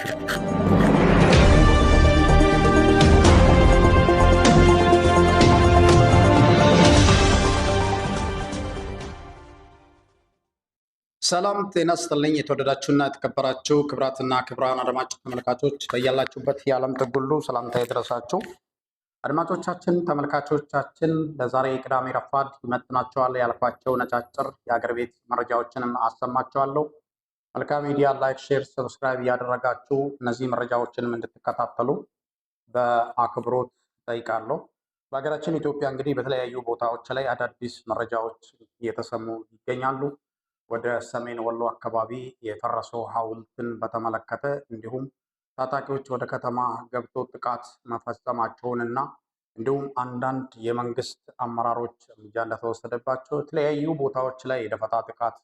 ሰላም ጤና ስጥልኝ። የተወደዳችሁና የተከበራችሁ ክብራትና ክብራን አድማጭ ተመልካቾች በያላችሁበት የዓለም ጥጉሉ ሰላምታ የደረሳችሁ አድማጮቻችን፣ ተመልካቾቻችን ለዛሬ ቅዳሜ ረፋድ ይመጥናቸዋል ያልኳቸው ነጫጭር የአገር ቤት መረጃዎችንም አሰማቸዋለሁ። መልካም ሚዲያ ላይክ፣ ሼር፣ ሰብስክራይብ እያደረጋችሁ እነዚህ መረጃዎችንም እንድትከታተሉ በአክብሮት ጠይቃለሁ። በሀገራችን ኢትዮጵያ እንግዲህ በተለያዩ ቦታዎች ላይ አዳዲስ መረጃዎች እየተሰሙ ይገኛሉ። ወደ ሰሜን ወሎ አካባቢ የፈረሰው ሐውልትን በተመለከተ እንዲሁም ታጣቂዎች ወደ ከተማ ገብቶ ጥቃት መፈጸማቸውን እና እንዲሁም አንዳንድ የመንግስት አመራሮች እርምጃ እንደተወሰደባቸው የተለያዩ ቦታዎች ላይ የደፈጣ ጥቃት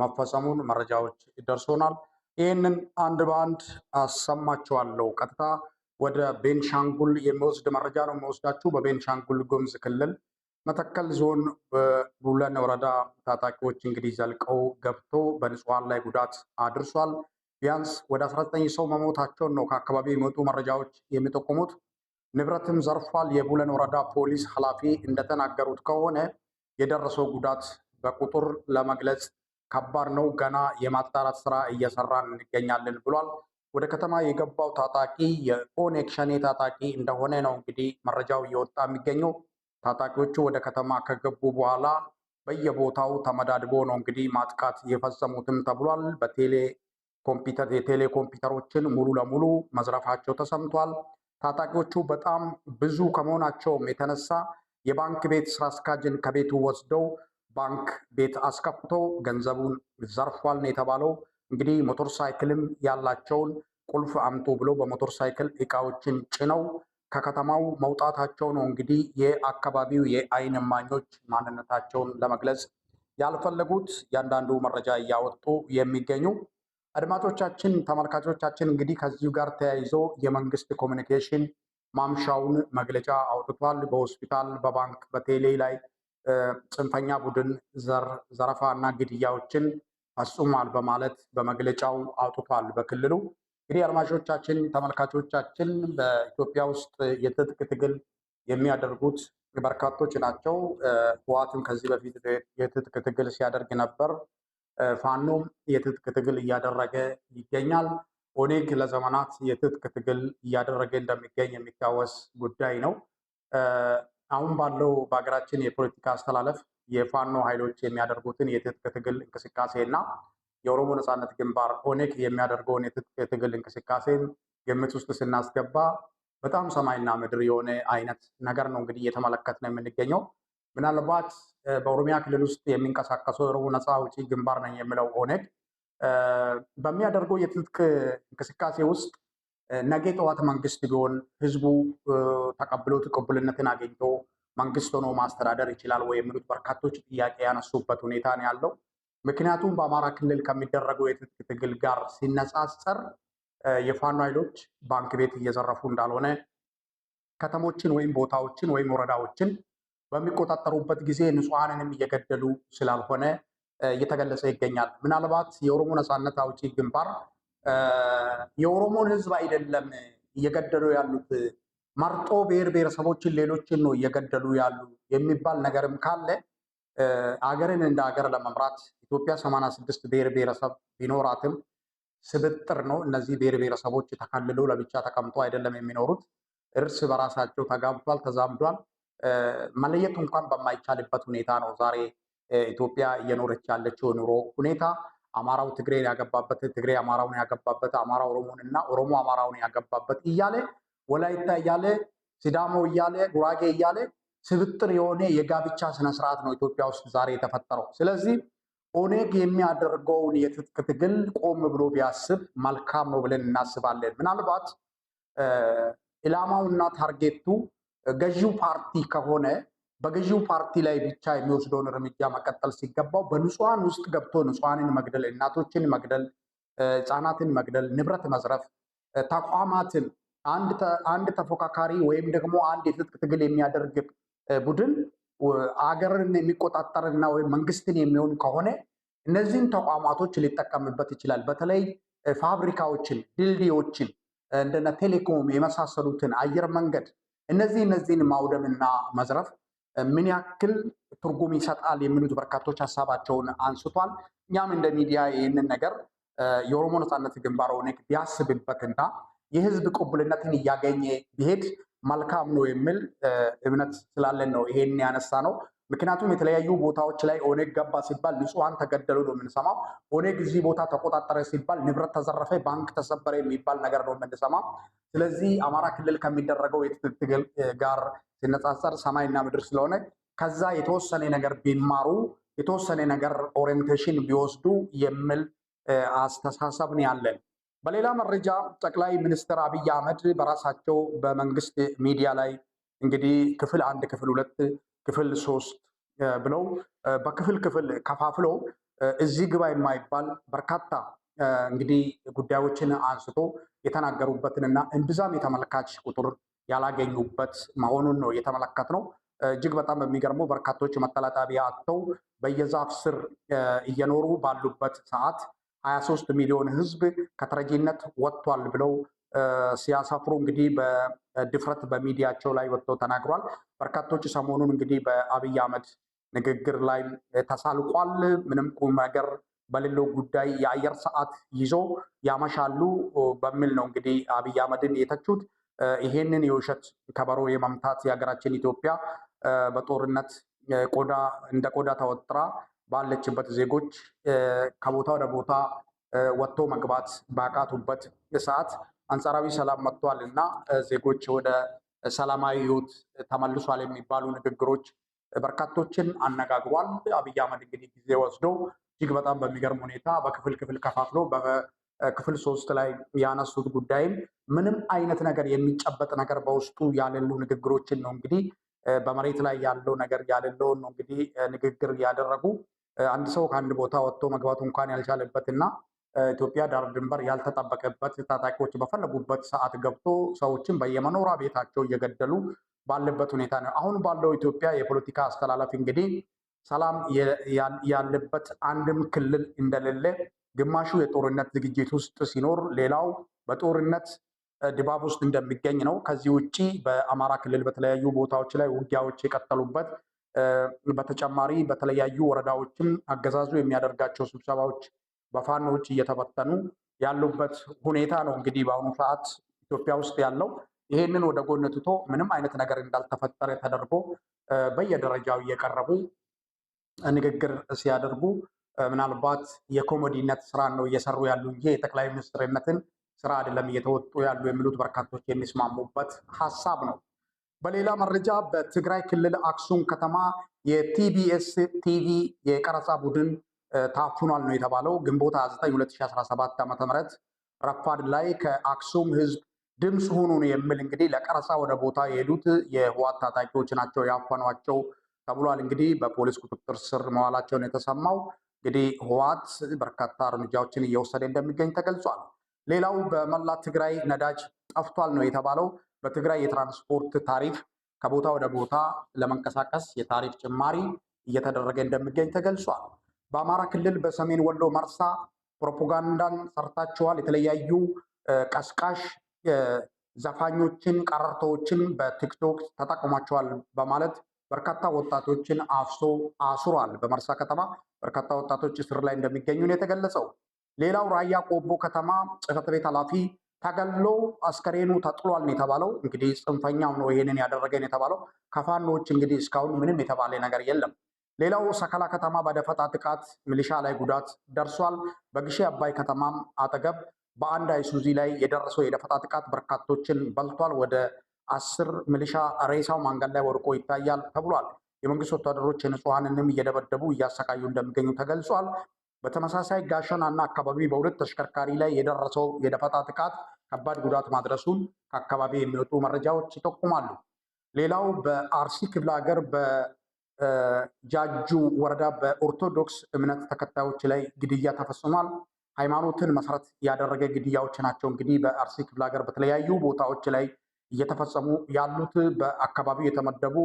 መፈጸሙን መረጃዎች ይደርሶናል። ይህንን አንድ በአንድ አሰማችኋለሁ። ቀጥታ ወደ ቤንሻንጉል የሚወስድ መረጃ ነው የሚወስዳችሁ። በቤንሻንጉል ጉሙዝ ክልል መተከል ዞን በቡለን ወረዳ ታጣቂዎች እንግዲህ ዘልቀው ገብቶ በንጹሐን ላይ ጉዳት አድርሷል። ቢያንስ ወደ 19 ሰው መሞታቸውን ነው ከአካባቢው የሚወጡ መረጃዎች የሚጠቁሙት። ንብረትም ዘርፏል። የቡለን ወረዳ ፖሊስ ኃላፊ እንደተናገሩት ከሆነ የደረሰው ጉዳት በቁጥር ለመግለጽ ከባድ ነው፣ ገና የማጣራት ስራ እየሰራን እንገኛለን ብሏል። ወደ ከተማ የገባው ታጣቂ የኦነግ ሸኔ ታጣቂ እንደሆነ ነው እንግዲህ መረጃው እየወጣ የሚገኘው። ታጣቂዎቹ ወደ ከተማ ከገቡ በኋላ በየቦታው ተመዳድቦ ነው እንግዲህ ማጥቃት የፈጸሙትም ተብሏል። በቴሌ ኮምፒውተር የቴሌ ኮምፒውተሮችን ሙሉ ለሙሉ መዝረፋቸው ተሰምቷል። ታጣቂዎቹ በጣም ብዙ ከመሆናቸውም የተነሳ የባንክ ቤት ስራ አስኪያጅን ከቤቱ ወስደው ባንክ ቤት አስከፍቶ ገንዘቡን ዘርፏል ነው የተባለው። እንግዲህ ሞቶር ሳይክልም ያላቸውን ቁልፍ አምጡ ብሎ በሞቶር ሳይክል እቃዎችን ጭነው ከከተማው መውጣታቸው ነው እንግዲህ የአካባቢው የአይን እማኞች ማንነታቸውን ለመግለጽ ያልፈለጉት እያንዳንዱ መረጃ እያወጡ የሚገኙ አድማጮቻችን፣ ተመልካቾቻችን እንግዲህ ከዚሁ ጋር ተያይዞ የመንግስት ኮሚኒኬሽን ማምሻውን መግለጫ አውጥቷል። በሆስፒታል፣ በባንክ፣ በቴሌ ላይ ጽንፈኛ ቡድን ዘረፋና ዘረፋ እና ግድያዎችን ፈጽሟል በማለት በመግለጫው አውጥቷል። በክልሉ እንግዲህ አድማጮቻችን፣ ተመልካቾቻችን በኢትዮጵያ ውስጥ የትጥቅ ትግል የሚያደርጉት በርካቶች ናቸው። ህወሓትም ከዚህ በፊት የትጥቅ ትግል ሲያደርግ ነበር። ፋኖም የትጥቅ ትግል እያደረገ ይገኛል። ኦኔግ ለዘመናት የትጥቅ ትግል እያደረገ እንደሚገኝ የሚታወስ ጉዳይ ነው። አሁን ባለው በሀገራችን የፖለቲካ አስተላለፍ የፋኖ ኃይሎች የሚያደርጉትን የትጥቅ ትግል እንቅስቃሴ እና የኦሮሞ ነጻነት ግንባር ኦኔክ የሚያደርገውን የትጥቅ ትግል እንቅስቃሴን ግምት ውስጥ ስናስገባ በጣም ሰማይና ምድር የሆነ አይነት ነገር ነው እንግዲህ እየተመለከትን የምንገኘው። ምናልባት በኦሮሚያ ክልል ውስጥ የሚንቀሳቀሰው የኦሮሞ ነጻ አውጪ ግንባር ነኝ የምለው ኦኔክ በሚያደርገው የትጥቅ እንቅስቃሴ ውስጥ ነገ ጠዋት መንግስት ቢሆን ህዝቡ ተቀብሎ ቅቡልነትን አግኝቶ መንግስት ሆኖ ማስተዳደር ይችላል ወይ የሚሉት በርካቶች ጥያቄ ያነሱበት ሁኔታ ነው ያለው። ምክንያቱም በአማራ ክልል ከሚደረገው የትጥቅ ትግል ጋር ሲነጻጸር የፋኖ ኃይሎች ባንክ ቤት እየዘረፉ እንዳልሆነ ከተሞችን ወይም ቦታዎችን ወይም ወረዳዎችን በሚቆጣጠሩበት ጊዜ ንጹሐንንም እየገደሉ ስላልሆነ እየተገለጸ ይገኛል። ምናልባት የኦሮሞ ነፃነት አውጪ ግንባር የኦሮሞን ህዝብ አይደለም እየገደሉ ያሉት መርጦ ብሔር ብሔረሰቦችን ሌሎችን ነው እየገደሉ ያሉ የሚባል ነገርም ካለ አገርን እንደ ሀገር ለመምራት ኢትዮጵያ 86 ብሔር ብሔረሰብ ቢኖራትም ስብጥር ነው። እነዚህ ብሔር ብሔረሰቦች ተከልለው ለብቻ ተቀምጦ አይደለም የሚኖሩት። እርስ በራሳቸው ተጋብቷል፣ ተዛምዷል። መለየት እንኳን በማይቻልበት ሁኔታ ነው ዛሬ ኢትዮጵያ እየኖረች ያለችው ኑሮ ሁኔታ። አማራው ትግሬን ያገባበት፣ ትግሬ አማራውን ያገባበት፣ አማራ ኦሮሞን እና ኦሮሞ አማራውን ያገባበት እያለ ወላይታ እያለ ሲዳሞ እያለ ጉራጌ እያለ ስብጥር የሆነ የጋብቻ ስነስርዓት ነው ኢትዮጵያ ውስጥ ዛሬ የተፈጠረው። ስለዚህ ኦኔግ የሚያደርገውን የትጥቅ ትግል ቆም ብሎ ቢያስብ መልካም ነው ብለን እናስባለን። ምናልባት ኢላማውና ታርጌቱ ገዢው ፓርቲ ከሆነ በገዢው ፓርቲ ላይ ብቻ የሚወስደውን እርምጃ መቀጠል ሲገባው በንጹሐን ውስጥ ገብቶ ንጹሐንን መግደል፣ እናቶችን መግደል፣ ህፃናትን መግደል፣ ንብረት መዝረፍ፣ ተቋማትን አንድ ተፎካካሪ ወይም ደግሞ አንድ የትጥቅ ትግል የሚያደርግ ቡድን አገርን የሚቆጣጠርና ወይም መንግስትን የሚሆን ከሆነ እነዚህን ተቋማቶች ሊጠቀምበት ይችላል። በተለይ ፋብሪካዎችን፣ ድልድዮችን እንደነ ቴሌኮም የመሳሰሉትን አየር መንገድ እነዚህ እነዚህን ማውደምና መዝረፍ ምን ያክል ትርጉም ይሰጣል የሚሉት በርካቶች ሀሳባቸውን አንስቷል። እኛም እንደ ሚዲያ ይህንን ነገር የኦሮሞ ነፃነት ግንባር ኦነግ ቢያስብበትና የህዝብ ቅቡልነትን እያገኘ ቢሄድ መልካም ነው የሚል እምነት ስላለን ነው ይሄን ያነሳ ነው። ምክንያቱም የተለያዩ ቦታዎች ላይ ኦነግ ገባ ሲባል ንጹሐን ተገደሉ ነው የምንሰማው። ኦነግ እዚህ ቦታ ተቆጣጠረ ሲባል ንብረት ተዘረፈ፣ ባንክ ተሰበረ የሚባል ነገር ነው የምንሰማው። ስለዚህ አማራ ክልል ከሚደረገው የትግል ትግል ጋር ሲነጻጸር ሰማይና ምድር ስለሆነ ከዛ የተወሰነ ነገር ቢማሩ የተወሰነ ነገር ኦሪንቴሽን ቢወስዱ የሚል አስተሳሰብ ያለን። በሌላ መረጃ ጠቅላይ ሚኒስትር አብይ አህመድ በራሳቸው በመንግስት ሚዲያ ላይ እንግዲህ ክፍል አንድ፣ ክፍል ሁለት፣ ክፍል ሶስት ብለው በክፍል ክፍል ከፋፍለው እዚህ ግባ የማይባል በርካታ እንግዲህ ጉዳዮችን አንስቶ የተናገሩበትንና እንብዛም የተመልካች ቁጥር ያላገኙበት መሆኑን ነው ነው። እጅግ በጣም በሚገርመው በርካቶች መጠለያ ጣቢያ አጥተው በየዛፍ ስር እየኖሩ ባሉበት ሰዓት 23 ሚሊዮን ህዝብ ከተረጂነት ወጥቷል ብለው ሲያሰፍሩ እንግዲህ በድፍረት በሚዲያቸው ላይ ወጥተው ተናግሯል። በርካቶች ሰሞኑን እንግዲህ በአብይ አህመድ ንግግር ላይ ተሳልቋል። ምንም ቁም ነገር በሌለው ጉዳይ የአየር ሰዓት ይዞ ያመሻሉ በሚል ነው እንግዲህ አብይ አህመድን የተቹት። ይሄንን የውሸት ከበሮ የመምታት የሀገራችን ኢትዮጵያ በጦርነት ቆዳ እንደ ቆዳ ተወጥራ ባለችበት ዜጎች ከቦታ ወደ ቦታ ወጥቶ መግባት ባቃቱበት ሰዓት አንጻራዊ ሰላም መጥቷል እና ዜጎች ወደ ሰላማዊ ህይወት ተመልሷል የሚባሉ ንግግሮች በርካቶችን አነጋግሯል። አብይ አህመድ እንግዲህ ጊዜ ወስዶ እጅግ በጣም በሚገርም ሁኔታ በክፍል ክፍል ከፋፍሎ በክፍል ሶስት ላይ ያነሱት ጉዳይም ምንም አይነት ነገር የሚጨበጥ ነገር በውስጡ ያሌሉ ንግግሮችን ነው እንግዲህ በመሬት ላይ ያለው ነገር ያሌለውን ነው እንግዲህ ንግግር ያደረጉ አንድ ሰው ከአንድ ቦታ ወጥቶ መግባቱ እንኳን ያልቻለበት እና ኢትዮጵያ ዳር ድንበር ያልተጠበቀበት ታጣቂዎች በፈለጉበት ሰዓት ገብቶ ሰዎችን በየመኖሪያ ቤታቸው እየገደሉ ባለበት ሁኔታ ነው። አሁን ባለው ኢትዮጵያ የፖለቲካ አስተላለፍ እንግዲህ ሰላም ያለበት አንድም ክልል እንደሌለ፣ ግማሹ የጦርነት ዝግጅት ውስጥ ሲኖር፣ ሌላው በጦርነት ድባብ ውስጥ እንደሚገኝ ነው። ከዚህ ውጭ በአማራ ክልል በተለያዩ ቦታዎች ላይ ውጊያዎች የቀጠሉበት በተጨማሪ በተለያዩ ወረዳዎችም አገዛዙ የሚያደርጋቸው ስብሰባዎች በፋኖች እየተበተኑ ያሉበት ሁኔታ ነው። እንግዲህ በአሁኑ ሰዓት ኢትዮጵያ ውስጥ ያለው ይሄንን ወደ ጎን ትቶ ምንም አይነት ነገር እንዳልተፈጠረ ተደርጎ በየደረጃው እየቀረቡ ንግግር ሲያደርጉ ምናልባት የኮሞዲነት ስራ ነው እየሰሩ ያሉ እንጂ የጠቅላይ ሚኒስትርነትን ስራ አይደለም እየተወጡ ያሉ የሚሉት በርካቶች የሚስማሙበት ሀሳብ ነው። በሌላ መረጃ በትግራይ ክልል አክሱም ከተማ የቲቢኤስ ቲቪ የቀረጻ ቡድን ታፍኗል ነው የተባለው። ግንቦት 29 2017 ዓ ም ረፋድ ላይ ከአክሱም ህዝብ ድምፅ ሁኑን የሚል እንግዲህ ለቀረጻ ወደ ቦታ የሄዱት የህዋት ታጣቂዎች ናቸው ያፈኗቸው ተብሏል። እንግዲህ በፖሊስ ቁጥጥር ስር መዋላቸውን የተሰማው እንግዲህ ህዋት በርካታ እርምጃዎችን እየወሰደ እንደሚገኝ ተገልጿል። ሌላው በመላ ትግራይ ነዳጅ ጠፍቷል ነው የተባለው። በትግራይ የትራንስፖርት ታሪፍ ከቦታ ወደ ቦታ ለመንቀሳቀስ የታሪፍ ጭማሪ እየተደረገ እንደሚገኝ ተገልጿል። በአማራ ክልል በሰሜን ወሎ መርሳ ፕሮፓጋንዳን ሰርታችኋል፣ የተለያዩ ቀስቃሽ ዘፋኞችን፣ ቀረርቶዎችን በቲክቶክ ተጠቅሟቸዋል በማለት በርካታ ወጣቶችን አፍሶ አስሯል። በመርሳ ከተማ በርካታ ወጣቶች እስር ላይ እንደሚገኙ ነው የተገለጸው። ሌላው ራያ ቆቦ ከተማ ጽህፈት ቤት ኃላፊ ተገሎ አስከሬኑ ተጥሏል ነው የተባለው። እንግዲህ ጽንፈኛው ነው ይሄንን ያደረገን የተባለው። ከፋኖች እንግዲህ እስካሁን ምንም የተባለ ነገር የለም። ሌላው ሰከላ ከተማ በደፈጣ ጥቃት ሚሊሻ ላይ ጉዳት ደርሷል። በግሼ አባይ ከተማም አጠገብ በአንድ አይሱዚ ላይ የደረሰው የደፈጣ ጥቃት በርካቶችን በልቷል። ወደ አስር ሚሊሻ ሬሳው ማንገድ ላይ ወድቆ ይታያል ተብሏል። የመንግስት ወታደሮች የንጹሐንንም እየደበደቡ እያሰቃዩ እንደሚገኙ ተገልጿል። በተመሳሳይ ጋሸና እና አካባቢ በሁለት ተሽከርካሪ ላይ የደረሰው የደፈጣ ጥቃት ከባድ ጉዳት ማድረሱን ከአካባቢ የሚወጡ መረጃዎች ይጠቁማሉ። ሌላው በአርሲ ክፍለ ሀገር በጃጁ ወረዳ በኦርቶዶክስ እምነት ተከታዮች ላይ ግድያ ተፈጽሟል። ሃይማኖትን መሰረት ያደረገ ግድያዎች ናቸው እንግዲህ በአርሲ ክፍለ ሀገር በተለያዩ ቦታዎች ላይ እየተፈጸሙ ያሉት። በአካባቢው የተመደቡ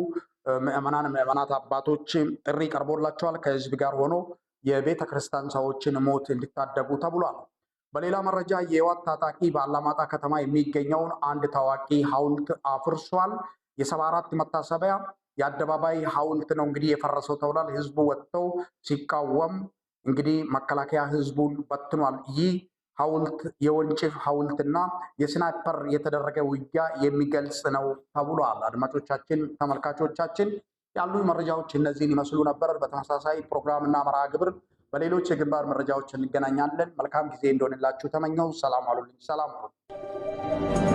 ምዕመናን ምዕመናት አባቶች ጥሪ ቀርቦላቸዋል። ከህዝብ ጋር ሆኖ የቤተ ክርስቲያን ሰዎችን ሞት እንዲታደጉ ተብሏል። በሌላ መረጃ የህወሓት ታጣቂ በአላማጣ ከተማ የሚገኘውን አንድ ታዋቂ ሐውልት አፍርሷል። የሰባ አራት መታሰቢያ የአደባባይ ሐውልት ነው እንግዲህ የፈረሰው ተብሏል። ህዝቡ ወጥተው ሲቃወም እንግዲህ መከላከያ ህዝቡን በትኗል። ይህ ሐውልት የወንጭፍ ሐውልትና የስናይፐር የተደረገ ውጊያ የሚገልጽ ነው ተብሏል። አድማጮቻችን፣ ተመልካቾቻችን ያሉ መረጃዎች እነዚህን ይመስሉ ነበር። በተመሳሳይ ፕሮግራምና መርሃ ግብር በሌሎች የግንባር መረጃዎች እንገናኛለን። መልካም ጊዜ እንደሆንላችሁ ተመኘው። ሰላም አሉልኝ። ሰላም